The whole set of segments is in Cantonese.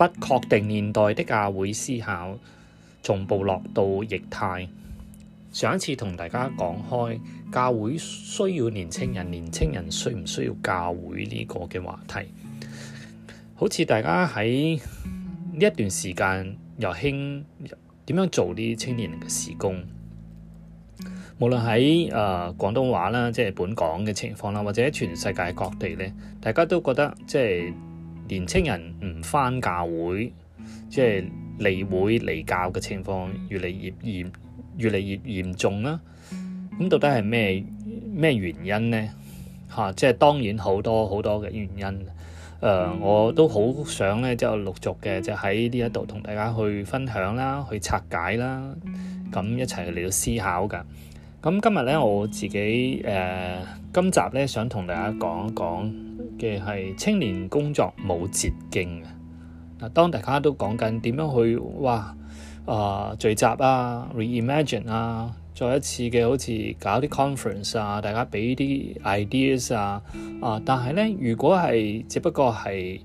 不確定年代的教會思考，從部落到液態。上一次同大家講開教會需要年青人，年青人需唔需要教會呢個嘅話題，好似大家喺呢一段時間又興點樣做啲青年人嘅事工，無論喺誒廣東話啦，即係本港嘅情況啦，或者喺全世界各地咧，大家都覺得即係。年青人唔返教會，即係離會離教嘅情況越嚟越嚴，越嚟越嚴重啦。咁到底係咩咩原因呢？嚇、啊，即係當然好多好多嘅原因。誒、呃，我都好想咧，即係陸續嘅，就喺呢一度同大家去分享啦，去拆解啦，咁一齊嚟到思考㗎。咁今日咧，我自己誒、呃、今集咧，想同大家講一講。嘅係青年工作冇捷徑啊，嗱，當大家都講緊點樣去哇啊、呃、聚集啊 reimagine 啊，再一次嘅好似搞啲 conference 啊，大家畀啲 ideas 啊啊，但係咧，如果係只不過係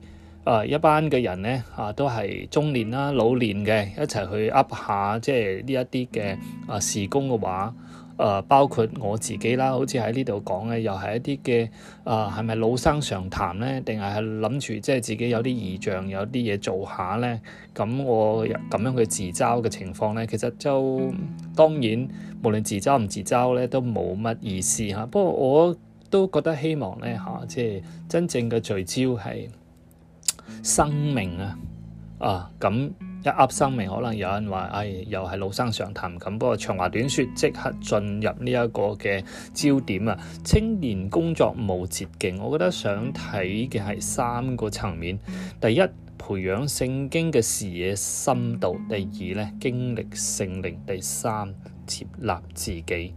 啊、呃、一班嘅人咧啊都係中年啦、啊、老年嘅一齊去 up 下，即係呢一啲嘅啊事工嘅話。呃、包括我自己啦，好似喺呢度講嘅，又係一啲嘅誒係咪老生常談呢？定係諗住即係自己有啲異象，有啲嘢做下呢？咁我咁樣嘅自嘲嘅情況呢，其實就當然無論自嘲唔自嘲呢，都冇乜意思嚇。不過我都覺得希望呢，嚇、啊，即係真正嘅聚焦係生命啊！啊，咁一噏生命，可能有人話，哎，又係老生常談咁。不過長話短說，即刻進入呢一個嘅焦點啊。青年工作無捷徑，我覺得想睇嘅係三個層面。第一，培養聖經嘅視野深度；第二咧，經歷聖靈；第三，接納自己。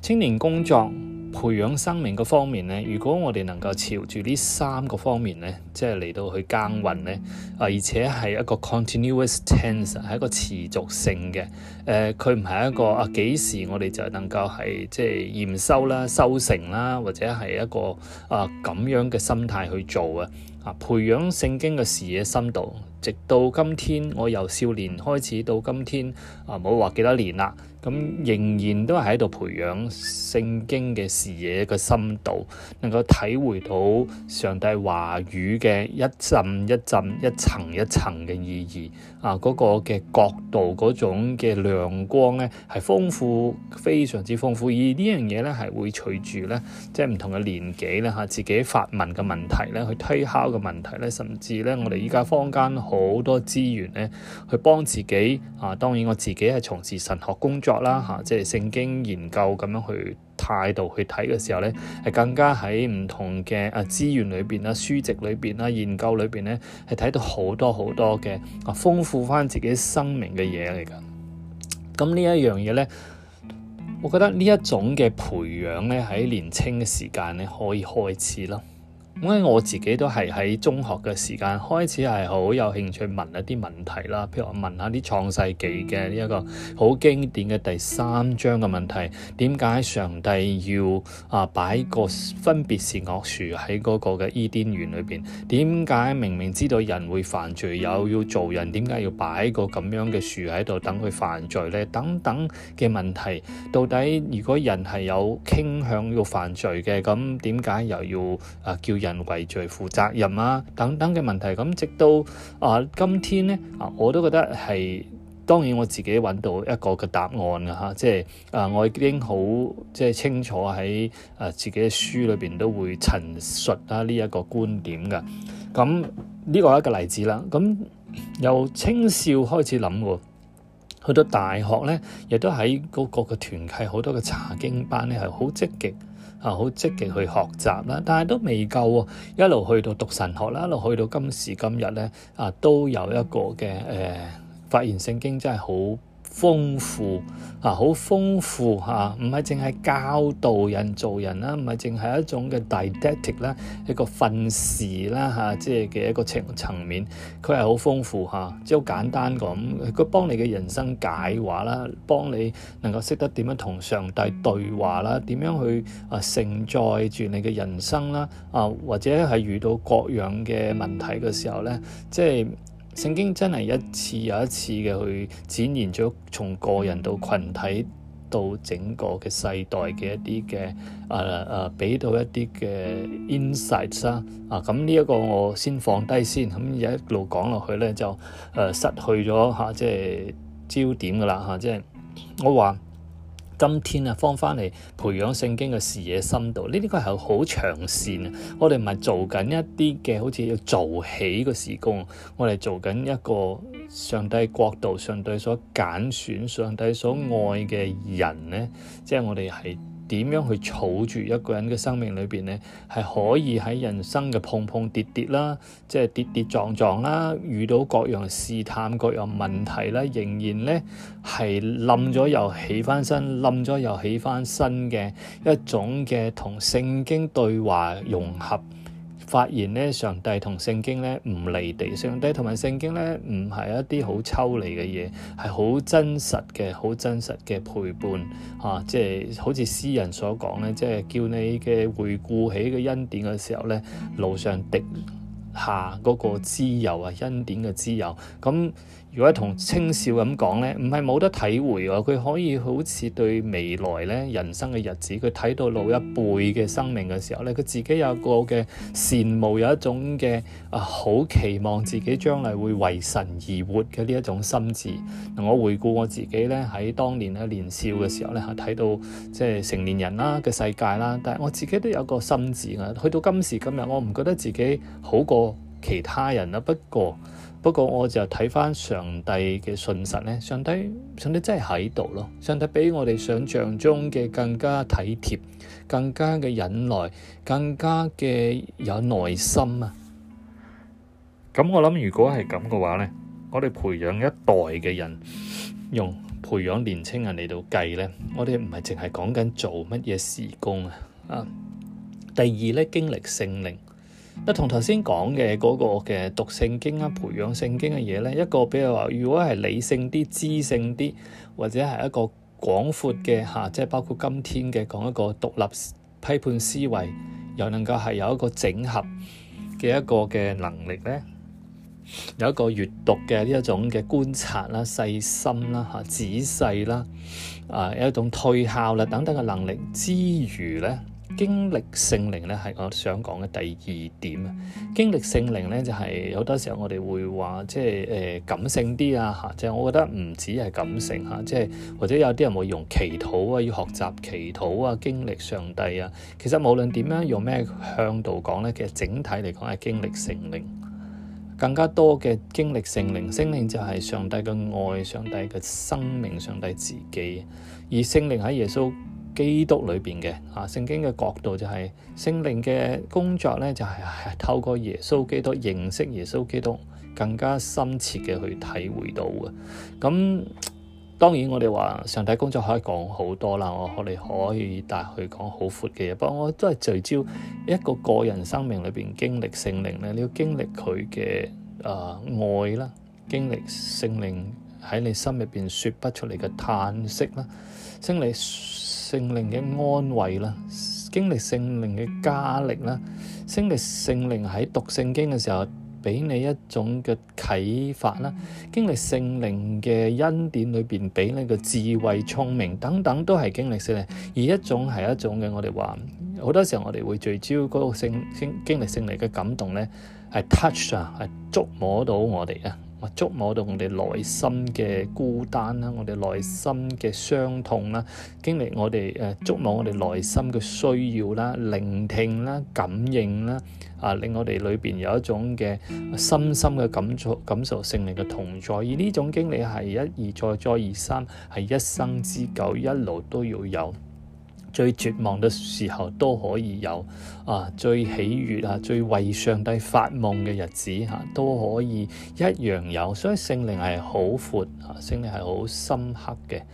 青年工作。培養生命嘅方面咧，如果我哋能夠朝住呢三個方面咧，即係嚟到去耕耘咧，啊，而且係一個 continuous tense，係一個持續性嘅，誒、呃，佢唔係一個啊幾時我哋就能夠係即係驗收啦、收成啦，或者係一個啊咁樣嘅心態去做啊，啊，培養聖經嘅視野深度。直到今天，我由少年開始到今天啊，冇話幾多年啦，咁、啊、仍然都係喺度培養聖經嘅視野嘅深度，能夠體會到上帝話語嘅一陣一陣一層一層嘅意義啊，嗰個嘅角度、種嘅亮光咧，係豐富，非常之豐富。而呢樣嘢咧，係會隨住咧即係唔同嘅年紀咧吓，自己發問嘅問題咧，去推敲嘅問題咧，甚至咧我哋依家坊間好多資源咧，去幫自己啊！當然我自己係從事神學工作啦，嚇、啊，即係聖經研究咁樣去態度去睇嘅時候咧，係更加喺唔同嘅啊資源裏邊啦、書籍裏邊啦、研究裏邊咧，係睇到好多好多嘅啊豐富翻自己生命嘅嘢嚟㗎。咁呢一樣嘢咧，我覺得呢一種嘅培養咧，喺年青嘅時間咧，可以開始囉。咁咧我自己都係喺中學嘅時間開始，係好有興趣問一啲問題啦，譬如我問下啲創世紀嘅呢一個好經典嘅第三章嘅問題，點解上帝要啊擺個分別善惡樹喺個嘅伊甸園裏邊，點解明明知道人會犯罪，又要做人，點解要擺個咁樣嘅樹喺度等佢犯罪咧？等等嘅問題，到底如果人係有傾向要犯罪嘅，咁點解又要啊叫？人為罪負責任啊，等等嘅問題，咁直到啊今天呢，啊我都覺得係當然我自己揾到一個嘅答案啊。嚇，即係啊我已經好即係清楚喺啊自己嘅書裏邊都會陳述啊呢一個觀點嘅。咁、啊、呢個係一個例子啦，咁、啊、由青少開始諗，去到大學呢，亦都喺嗰個嘅團契，好多嘅查經班呢係好積極。啊！好積極去學習啦，但係都未夠喎、啊。一路去到讀神學啦，一路去到今時今日咧，啊，都有一個嘅誒、呃，發現聖經真係好。豐富啊，好豐富嚇！唔係淨係教導人做人啦，唔係淨係一種嘅 didactic 啦、啊，一個訓示啦嚇，即係嘅一個層層面，佢係好豐富嚇、啊，即係好簡單咁，佢、啊、幫你嘅人生解話啦，幫你能夠識得點樣同上帝對話啦，點樣去啊承載住你嘅人生啦，啊或者係遇到各樣嘅問題嘅時候咧、啊，即係。聖經真係一次又一次嘅去展現咗從個人到群體到整個嘅世代嘅一啲嘅誒誒，俾到一啲嘅 insights 啦。啊，咁、啊、呢一 insight，啊啊呢個我先放低先，咁、啊、一路講落去咧就誒、啊、失去咗嚇、啊，即係焦點噶啦嚇，即係我話。今天啊，放翻嚟培養聖經嘅視野深度，呢啲佢係好長線啊！我哋唔係做緊一啲嘅，好似要做起個事工，我哋做緊一個上帝國度、上帝所揀選、上帝所愛嘅人咧，即係我哋係。點樣去儲住一個人嘅生命裏邊呢，係可以喺人生嘅碰碰跌跌啦，即係跌跌撞撞啦，遇到各樣試探、各樣問題啦，仍然呢，係冧咗又起翻身，冧咗又起翻身嘅一種嘅同聖經對話融合。發現咧，上帝同聖經咧唔離地，上帝同埋聖經咧唔係一啲好抽離嘅嘢，係好真實嘅，好真實嘅陪伴啊！即係好似詩人所講咧，即係叫你嘅回顧起個恩典嘅時候咧，路上滴下嗰個滋油啊，恩典嘅滋油咁。啊。如果同青少咁講咧，唔係冇得體會喎。佢可以好似對未來咧人生嘅日子，佢睇到老一輩嘅生命嘅時候咧，佢自己有個嘅羨慕，有一種嘅啊好期望自己將來會為神而活嘅呢一種心志。我回顧我自己咧，喺當年咧年少嘅時候咧嚇睇到即係成年人啦嘅世界啦，但係我自己都有個心志啊，去到今時今日，我唔覺得自己好過。其他人啦，不過不過我就睇返上帝嘅信實咧，上帝上帝真係喺度咯，上帝比我哋想象中嘅更加體貼，更加嘅忍耐，更加嘅有耐心啊！咁我諗如果係咁嘅話咧，我哋培養一代嘅人，用培養年青人嚟到計咧，我哋唔係淨係講緊做乜嘢事工啊！啊，第二咧經歷聖靈。嗱，同頭先講嘅嗰個嘅讀聖經啦、培養聖經嘅嘢咧，一個比如話，如果係理性啲、知性啲，或者係一個廣闊嘅嚇，即係包括今天嘅講一個獨立批判思維，又能夠係有一個整合嘅一個嘅能力咧，有一個閱讀嘅呢一種嘅觀察啦、細心啦嚇、仔細啦，啊有一種推敲啦等等嘅能力之餘咧。經歷聖靈咧，係我想講嘅第二點啊！經歷聖靈咧，就係、是、好多時候我哋會話，即係誒感性啲啊吓，就係、是、我覺得唔止係感性吓，即、啊、係、就是、或者有啲人會用祈禱啊，要學習祈禱啊，經歷上帝啊。其實無論點樣用咩向導講咧，其實整體嚟講係經歷聖靈，更加多嘅經歷聖靈。聖靈就係上帝嘅愛，上帝嘅生命，上帝自己。啊、而聖靈喺耶穌。基督裏邊嘅啊，聖經嘅角度就係、是、聖靈嘅工作咧，就係、是哎、透過耶穌基督認識耶穌基督，更加深切嘅去體會到嘅。咁當然我哋話上帝工作可以講好多啦，我我哋可以大概去講好闊嘅嘢，不過我都係聚焦一個個人生命裏邊經歷聖靈咧，你要經歷佢嘅啊愛啦，經歷聖靈喺你心入邊說不出嚟嘅嘆息啦，經歷。聖靈嘅安慰啦，經歷聖靈嘅加力啦，經歷聖靈喺讀聖經嘅時候畀你一種嘅啟發啦，經歷聖靈嘅恩典裏邊畀你嘅智慧、聰明等等，都係經歷聖靈。而一種係一種嘅，我哋話好多時候我哋會聚焦嗰個聖經經歷聖靈嘅感動咧，係 touch 啊，係觸摸到我哋啊。觸摸到我哋內心嘅孤單啦，我哋內心嘅傷痛啦，經歷我哋誒觸摸我哋內心嘅需要啦、聆聽啦、感應啦，啊令我哋裏邊有一種嘅深深嘅感觸、感受聖靈嘅同在，而呢種經歷係一而再、再而三，係一生之久，一路都要有。最絕望嘅時候都可以有啊，最喜悅啊，最為上帝發夢嘅日子嚇、啊、都可以一樣有，所以聖靈係好闊嚇，聖靈係好深刻嘅、啊。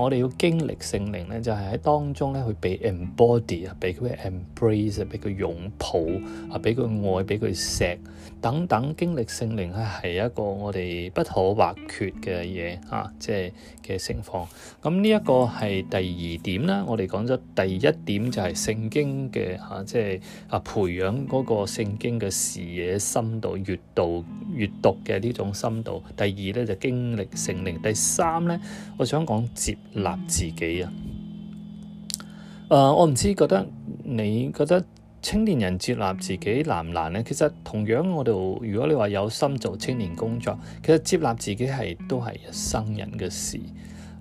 我哋要經歷聖靈咧，就係、是、喺當中咧，去被 embodied 啊，俾佢 embrace 俾佢擁抱啊，俾佢、啊、愛，俾佢錫等等經歷聖靈咧，係一個我哋不可或缺嘅嘢嚇，即係嘅情況。咁呢一個係第二點啦，我哋講咗。第一點就係聖經嘅嚇，即係啊培養嗰個聖經嘅視野深度、閱讀、閱讀嘅呢種深度。第二呢，就是、經歷聖靈。第三呢，我想講接納自己啊。誒、呃，我唔知覺得你覺得青年人接納自己難唔難呢？其實同樣我哋如果你話有心做青年工作，其實接納自己係都係一生人嘅事。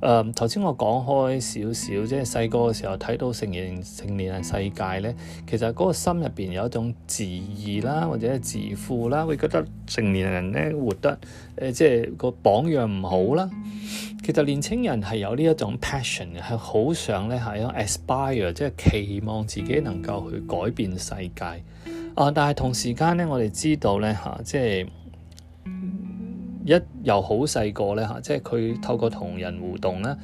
誒頭先我講開少少，即係細個嘅時候睇到成年成年人世界咧，其實嗰個心入邊有一種自義啦，或者自負啦，會覺得成年人咧活得誒即係個榜樣唔好啦。其實年輕人係有呢一種 passion 嘅，係好想咧係一種 aspire，即係期望自己能夠去改變世界。啊！但係同時間咧，我哋知道咧嚇，即係。一又好細個咧嚇，即係佢透過同人互動啦，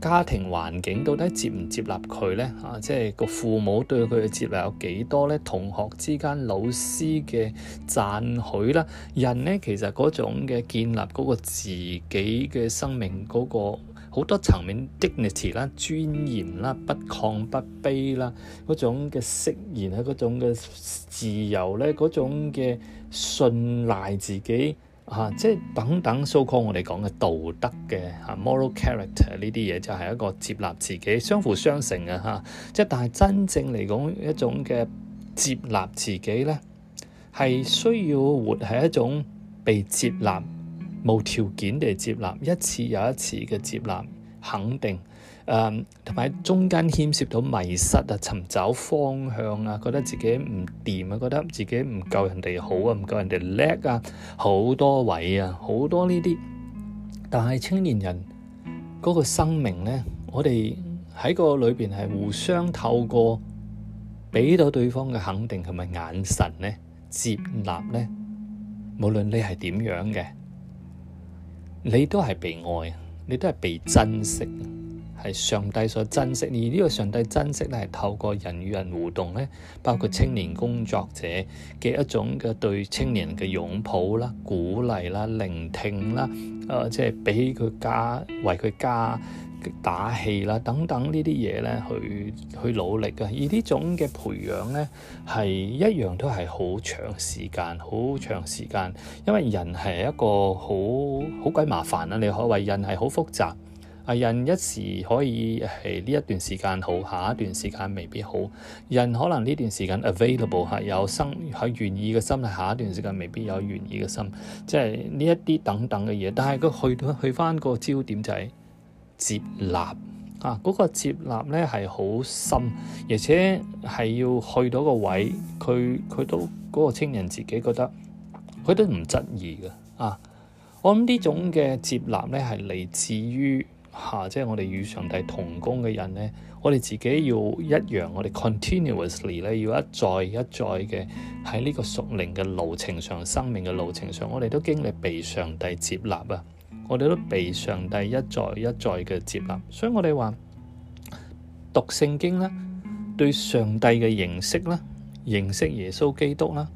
家庭環境到底接唔接納佢咧嚇？即係個父母對佢嘅接納有幾多咧？同學之間、老師嘅讚許啦，人咧其實嗰種嘅建立嗰個自己嘅生命嗰個好多層面，dignity 啦、尊嚴啦、不亢不卑啦，嗰種嘅釋然啊，嗰種嘅自由咧，嗰種嘅信賴自己。啊，即係等等，so-called 我哋講嘅道德嘅嚇、啊、Moral character 呢啲嘢就係一個接納自己，相輔相成嘅嚇。即、啊、係但係真正嚟講一種嘅接納自己咧，係需要活係一種被接納，無條件地接納，一次又一次嘅接納肯定。誒，同埋、um，中間牽涉到迷失啊，尋找方向啊，覺得自己唔掂啊，覺得自己唔夠人哋好啊，唔夠人哋叻啊，好多位啊，好多呢啲。但係青年人嗰個生命咧，我哋喺個裏邊係互相透過俾到對方嘅肯定同埋眼神咧，接納咧，無論你係點樣嘅，你都係被愛，你都係被珍惜。係上帝所珍惜，而呢個上帝珍惜咧，係透過人與人互動咧，包括青年工作者嘅一種嘅對青年嘅擁抱啦、鼓勵啦、聆聽啦，誒、呃，即係俾佢加、為佢加打氣啦，等等呢啲嘢咧，去去努力啊！而呢種嘅培養咧，係一樣都係好長時間、好長時間，因為人係一個好好鬼麻煩啊！你可謂人係好複雜。人一時可以係呢一段時間好，下一段時間未必好。人可能呢段時間 available 係有生係願意嘅心，下一段時間未必有願意嘅心，即係呢一啲等等嘅嘢。但係佢去到去翻個焦點就係接納啊！嗰個接納咧係好深，而且係要去到個位，佢佢都嗰個青人自己覺得佢都唔質疑嘅啊！我諗呢種嘅接納咧係嚟自於。嚇、啊！即係我哋與上帝同工嘅人咧，我哋自己要一樣，我哋 continuously 咧要一再一再嘅喺呢個屬靈嘅路程上、生命嘅路程上，我哋都經歷被上帝接納啊！我哋都被上帝一再一再嘅接納，所以我哋話讀聖經咧，對上帝嘅認識咧，認識耶穌基督啦。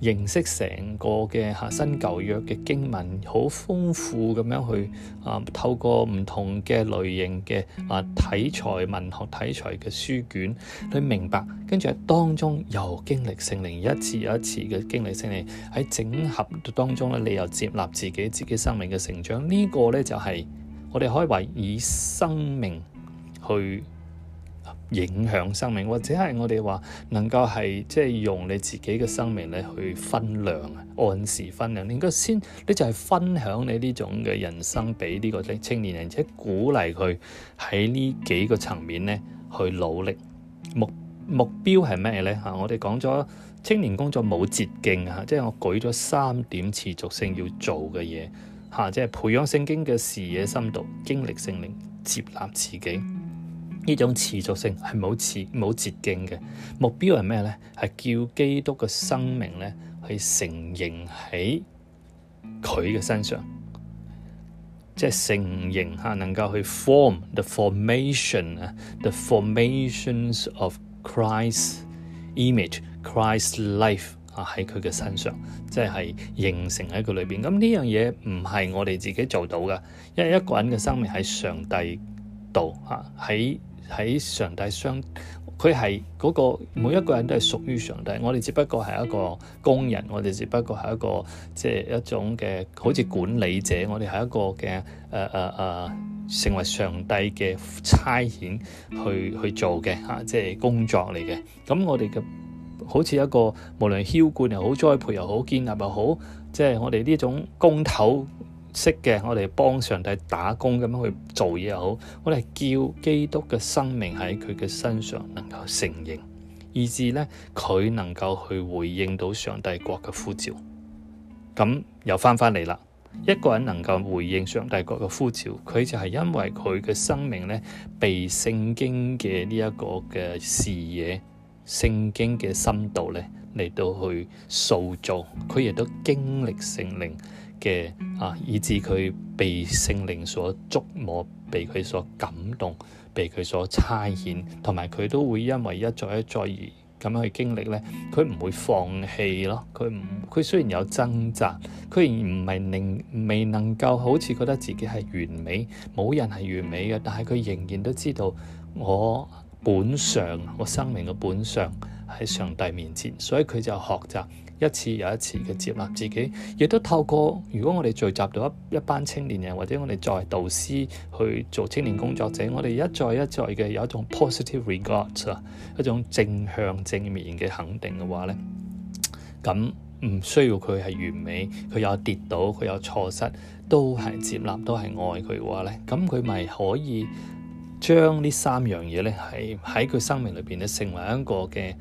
認識成個嘅嚇新舊約嘅經文，好豐富咁樣去、啊、透過唔同嘅類型嘅啊體裁文學體裁嘅書卷去明白，跟住喺當中又經歷聖靈一次又一次嘅經歷聖靈喺整合當中你又接納自己自己生命嘅成長，這個、呢個咧就係、是、我哋可以話以生命去。影響生命，或者係我哋話能夠係即係用你自己嘅生命咧去分量，按時分量。你應該先你就係分享你呢種嘅人生俾呢個青年人，且、就是、鼓勵佢喺呢幾個層面咧去努力。目目標係咩咧？吓，我哋講咗青年工作冇捷徑啊，即、就、係、是、我舉咗三點持續性要做嘅嘢，吓，即係培養聖經嘅視野深度，經歷聖靈，接納自己。呢種持續性係冇捷冇捷徑嘅。目標係咩呢？係叫基督嘅生命咧，係成形喺佢嘅身上，即係成形嚇，能夠去 form the formation 啊，the formations of Christ's image, Christ's life 啊喺佢嘅身上，即係形成喺佢裏邊。咁呢樣嘢唔係我哋自己做到嘅，因為一個人嘅生命喺上帝度嚇喺。喺上帝相，佢係嗰個，每一個人都係屬於上帝，我哋只不過係一個工人，我哋只不過係一個即係一種嘅好似管理者，我哋係一個嘅誒誒誒成為上帝嘅差遣去去做嘅，吓、啊，即係工作嚟嘅。咁我哋嘅好似一個無論澆灌又好，栽培又好，建立又好，即係我哋呢種工頭。識嘅，我哋幫上帝打工咁樣去做嘢又好，我哋叫基督嘅生命喺佢嘅身上能夠成形，以至呢，佢能夠去回應到上帝國嘅呼召，咁又翻返嚟啦。一個人能夠回應上帝國嘅呼召，佢就係因為佢嘅生命呢，被聖經嘅呢一個嘅視野、聖經嘅深度呢，嚟到去塑造，佢亦都經歷聖靈。嘅啊，以至佢被聖靈所觸摸，被佢所感動，被佢所差遣，同埋佢都會因為一再一再而咁樣去經歷咧，佢唔會放棄咯。佢唔，佢雖然有掙扎，佢然唔係能未能夠好似覺得自己係完美，冇人係完美嘅，但係佢仍然都知道我本相，我生命嘅本相喺上帝面前，所以佢就學習。一次又一次嘅接納自己，亦都透過如果我哋聚集到一一班青年人，或者我哋作為導師去做青年工作者，我哋一再一再嘅有一種 positive regard 啊，一種正向正面嘅肯定嘅話咧，咁唔需要佢係完美，佢有跌倒，佢有錯失，都係接納，都係愛佢嘅話咧，咁佢咪可以。將呢三樣嘢咧，係喺佢生命裏邊咧，成為一個嘅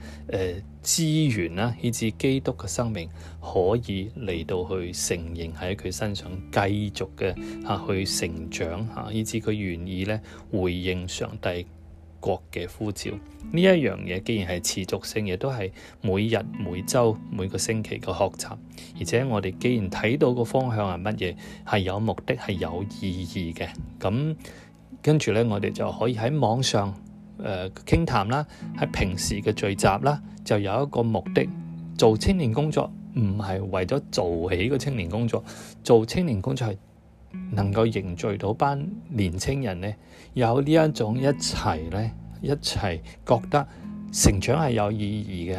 誒資源啦，以至基督嘅生命可以嚟到去成形喺佢身上，繼續嘅嚇去成長嚇，以至佢願意呢回應上帝國嘅呼召。呢一樣嘢既然係持續性，亦都係每日、每週、每個星期嘅學習，而且我哋既然睇到個方向係乜嘢，係有目的，係有意義嘅咁。跟住咧，我哋就可以喺網上誒傾談啦，喺平時嘅聚集啦，就有一個目的，做青年工作唔係為咗做起個青年工作，做青年工作係能夠凝聚到班年青人咧，有呢一種一齊咧，一齊覺得成長係有意義嘅，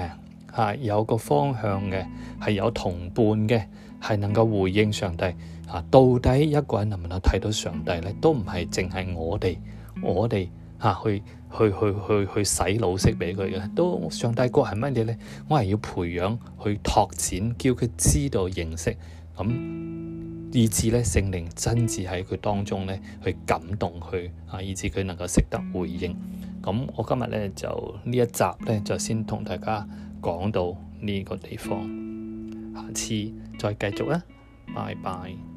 嚇、啊、有個方向嘅，係有同伴嘅。係能夠回應上帝啊？到底一個人能唔能夠睇到上帝咧？都唔係淨係我哋，我哋啊去去去去去洗腦式畀佢嘅。都上帝國係乜嘢咧？我、啊、係要培養去拓展，叫佢知道認識，咁以致咧聖靈真摯喺佢當中咧去感動佢，啊，以致佢能夠識得回應。咁我今日咧就呢一集咧就先同大家講到呢個地方。下次再繼續啦，拜拜。